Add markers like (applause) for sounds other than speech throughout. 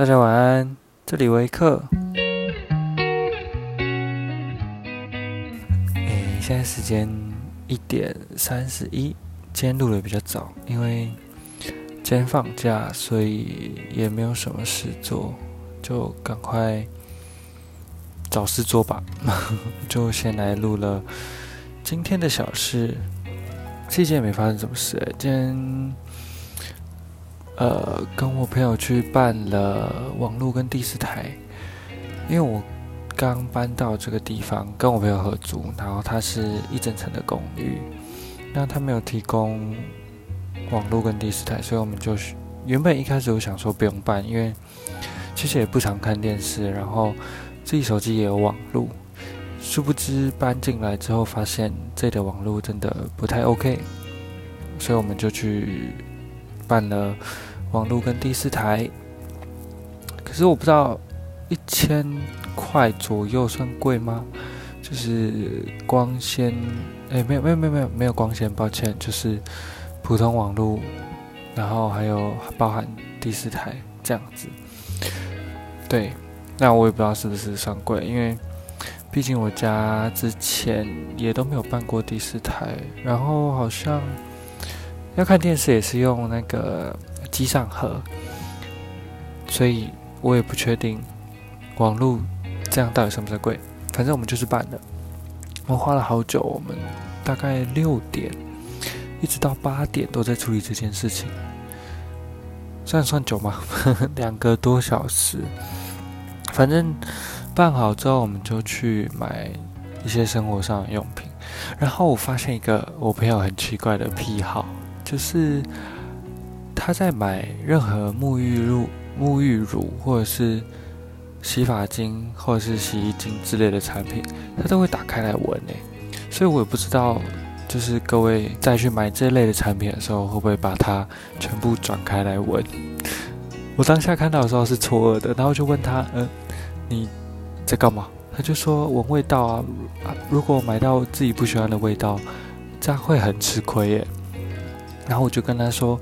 大家晚安，這裡維克。誒、欸，現在時間一點三十一，今天錄的比較早，因為今天放假，所以也沒有什麼事做，就趕快找事做吧， (laughs) 就先來錄了今天的小事。最近也沒發生什麼事、欸，今天。呃，跟我朋友去辦了網絡跟第四台，因為我剛搬到這個地方，跟我朋友合租，然後它是一整層的公寓，那它沒有提供網絡跟第四台，所以我們就原本一開始我想說不用辦，因為其實也不常看電視，然後自己手機也有網絡，殊不知搬進來之後發現這裡的網絡真的不太 OK，所以我們就去辦了。網絡跟第四台，可是我不知道一千塊左右算貴嗎？就是光纖，哎、欸，沒有沒有沒有沒有沒有光纖，抱歉，就是普通網絡，然後還有包含第四台這樣子。對，那我也不知道是不是算貴，因為畢竟我家之前也都沒有辦過第四台，然後好像要看電視也是用那個。機上盒，所以我也不確定網絡這樣到底算不算貴。反正我們就是辦的，我花了好久，我們大概六點一直到八點都在處理這件事情，算算久嗎？ (laughs) 兩個多小時，反正辦好之後，我們就去買一些生活上的用品。然後我發現一個我朋友很奇怪的癖好，就是。他在買任何沐浴露、沐浴乳，或者是洗髮精，或者是洗衣精之類的產品，他都會打開來聞誒。所以我也不知道，就是各位再去買這類的產品的時候，會不會把它全部轉開來聞？我當下看到的時候是錯愕的，然後就問他：“嗯，你在幹嘛？”他就說：“聞味道啊，如果買到自己不喜歡的味道，這樣會很吃虧耶。”然後我就跟他說。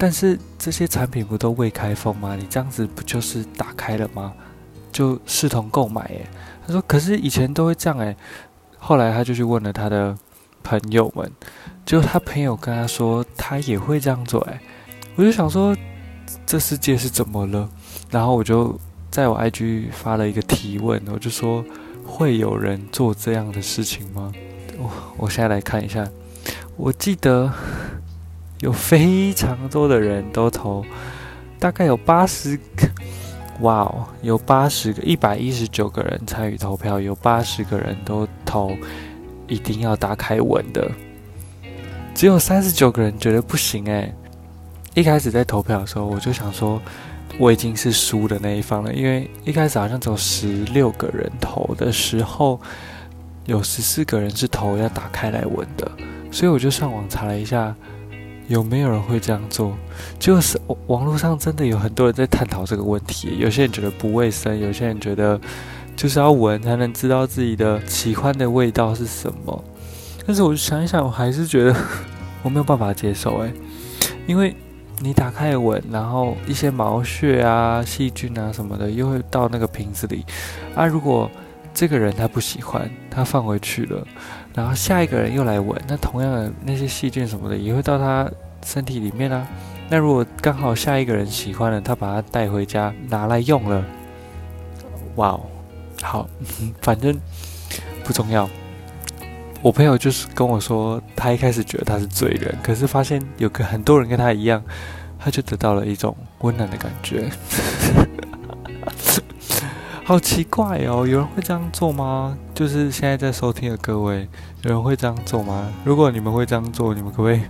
但是這些產品不都未開封嗎？你這樣子不就是打開了嗎？就視同購買欸，他說：“可是以前都會這樣欸。”後來他就去問了他的朋友們，就他朋友跟他說他也會這樣做欸，我就想說，這世界是怎麼了？然後我就在我 IG 發了一個提問，我就說：“會有人做這樣的事情嗎？”我我現在來看一下，我記得。有非常多的人都投，大概有八十個，哇哦，有八十個，一百一十九個人參與投票，有八十個人都投一定要打開聞的，只有三十九個人覺得不行哎、欸。一開始在投票的時候，我就想說我已經是輸的那一方了，因為一開始好像只有十六個人投的時候，有十四個人是投要打開來聞的，所以我就上網查了一下。有沒有人會這樣做？就是、哦、網絡上真的有很多人在探討這個問題。有些人覺得不衛生，有些人覺得就是要聞才能知道自己的喜歡的味道是什麼。但是我想一想，我還是覺得我沒有辦法接受。哎，因為你打開聞，然後一些毛屑啊、細菌啊什麼的又會到那個瓶子裡。啊，如果這個人他不喜歡，他放回去了，然後下一個人又來聞，那同樣的那些細菌什麼的也會到他身體裡面啊。那如果剛好下一個人喜歡了，他把他帶回家拿來用了，哇、wow，好、嗯，反正不重要。我朋友就是跟我說，他一開始覺得他是罪人，可是發現有個很多人跟他一樣，他就得到了一種溫暖的感覺。 (laughs) 好奇怪哦，有人會這樣做嗎？就是現在在收聽的各位，有人會這樣做嗎？如果你們會這樣做，你們可不可以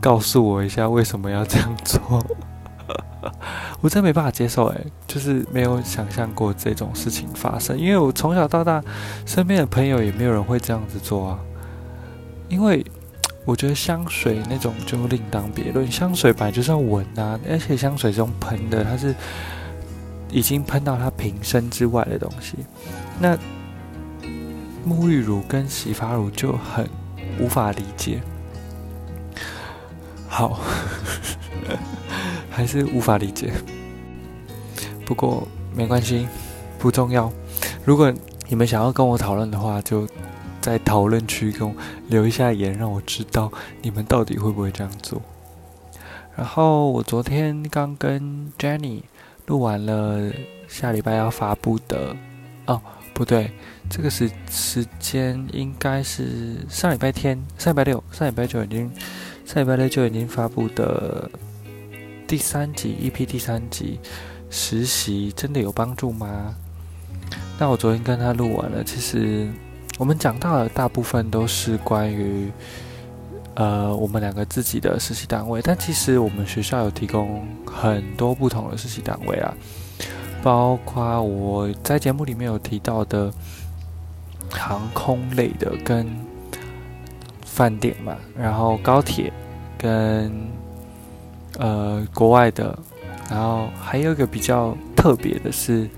告訴我一下為什麼要這樣做？ (laughs) 我真的沒辦法接受哎，就是沒有想象過這種事情發生，因為我從小到大，身邊的朋友也沒有人會這樣子做啊。因為我覺得香水那種就另當別論，香水本來就是要聞啊，而且香水這種噴的，它是。已經噴到它瓶身之外的東西，那沐浴乳跟洗髮乳就很無法理解。好， (laughs) 還是無法理解。不過沒關係，不重要。如果你們想要跟我討論的話，就在討論區跟我留一下言，讓我知道你們到底會不會這樣做。然後我昨天剛跟 Jenny。錄完了，下禮拜要發布的哦，不對，這個時時間應該是上禮拜天、上禮拜六、上禮拜就已經上禮拜六就已經發布的第三集 EP 第三集，實習真的有幫助嗎？那我昨天跟他錄完了，其實我們講到的大部分都是關於。呃，我們兩個自己的實習單位，但其實我們學校有提供很多不同的實習單位啊，包括我在節目裡面有提到的航空類的跟飯店嘛，然後高鐵跟呃國外的，然後還有一個比較特別的是，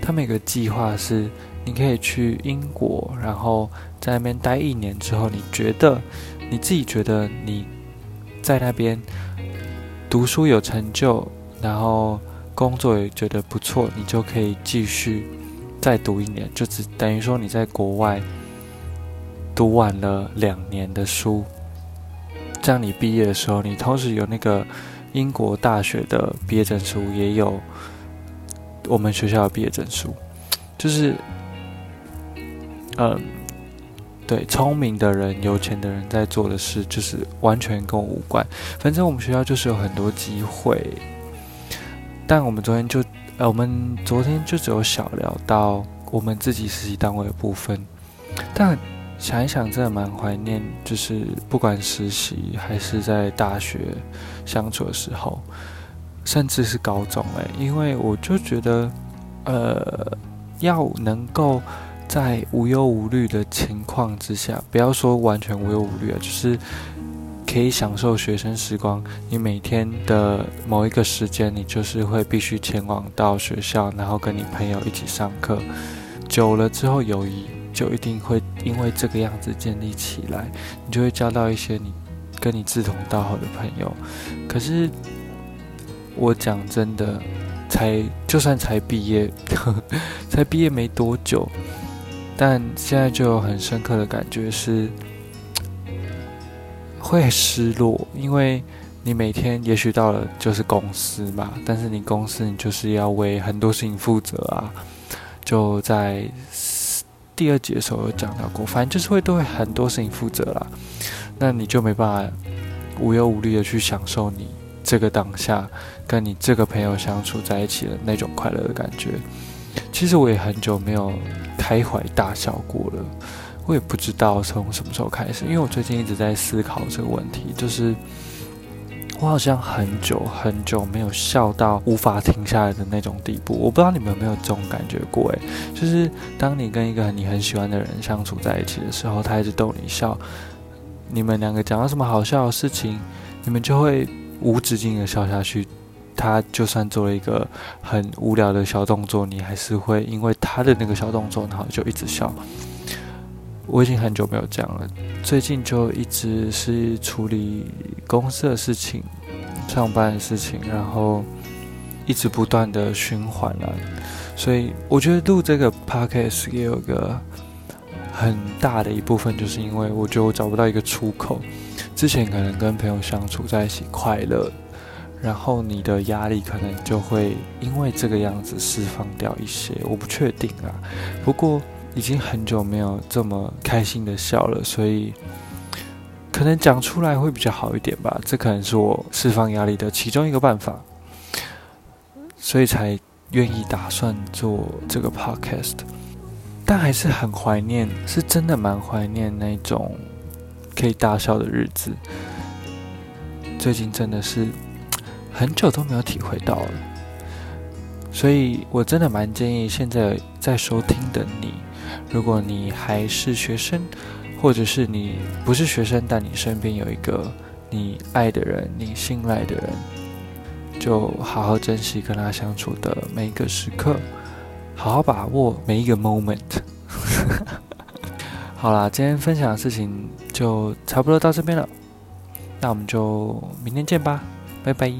他們有個計劃是你可以去英國，然後在那邊待一年之後，你覺得。你自己覺得你在那邊讀書有成就，然後工作也覺得不錯，你就可以繼續再讀一年，就只等於說你在國外讀完了兩年的書，這樣你畢業的時候，你同時有那個英國大學的畢業證書，也有我們學校的畢業證書，就是，嗯、呃。對，聰明的人、有錢的人在做的事，就是完全跟我無關。反正我們學校就是有很多機會，但我們昨天就，呃，我們昨天就只有小聊到我們自己實習單位的部分。但想一想，真的蠻懷念，就是不管實習還是在大學相處的時候，甚至是高中、欸，哎，因為我就覺得，呃，要能夠。在無憂無慮的情況之下，不要說完全無憂無慮啊，就是可以享受學生時光。你每天的某一個時間，你就是會必須前往到學校，然後跟你朋友一起上課。久了之後，友誼就一定會因為這個樣子建立起來，你就會交到一些你跟你志同道合的朋友。可是我講真的，才就算才畢業，呵呵，才畢業沒多久。但現在就有很深刻的感覺是，會失落，因為你每天也許到了就是公司嘛，但是你公司你就是要為很多事情負責啊，就在第二集的時候有講到過，反正就是會對很多事情負責啦，啊，那你就沒辦法無憂無慮的去享受你這個當下跟你這個朋友相處在一起的那種快樂的感覺。其實我也很久沒有開懷大笑過了，我也不知道從什麼時候開始，因為我最近一直在思考這個問題，就是我好像很久很久沒有笑到無法停下來的那種地步。我不知道你們有沒有這種感覺過？誒？就是當你跟一個你很喜歡的人相處在一起的時候，他一直逗你笑，你們兩個講到什麼好笑的事情，你們就會無止境的笑下去。他就算做了一個很無聊的小動作，你還是會因為他的那個小動作，然後就一直笑。我已經很久沒有這樣了，最近就一直是處理公司的事情、上班的事情，然後一直不斷的循環了啊。所以我覺得錄這個 podcast 也有一個很大的一部分，就是因為我覺得我找不到一個出口。之前可能跟朋友相處在一起快樂。然後你的壓力可能就會因為這個樣子釋放掉一些，我不確定啊。不過已經很久沒有這麼開心的笑了，所以可能講出來會比較好一點吧。這可能是我釋放壓力的其中一個辦法，所以才願意打算做這個 podcast。但還是很懷念，是真的蠻懷念那種可以大笑的日子。最近真的是。很久都沒有體會到了，所以我真的蠻建議現在在收聽的你，如果你還是學生，或者是你不是學生，但你身邊有一個你愛的人，你信賴的人，就好好珍惜跟他相處的每一個時刻，好好把握每一個 moment。 (laughs) 好啦，今天分享的事情就差不多到這邊了，那我們就明天見吧，拜拜。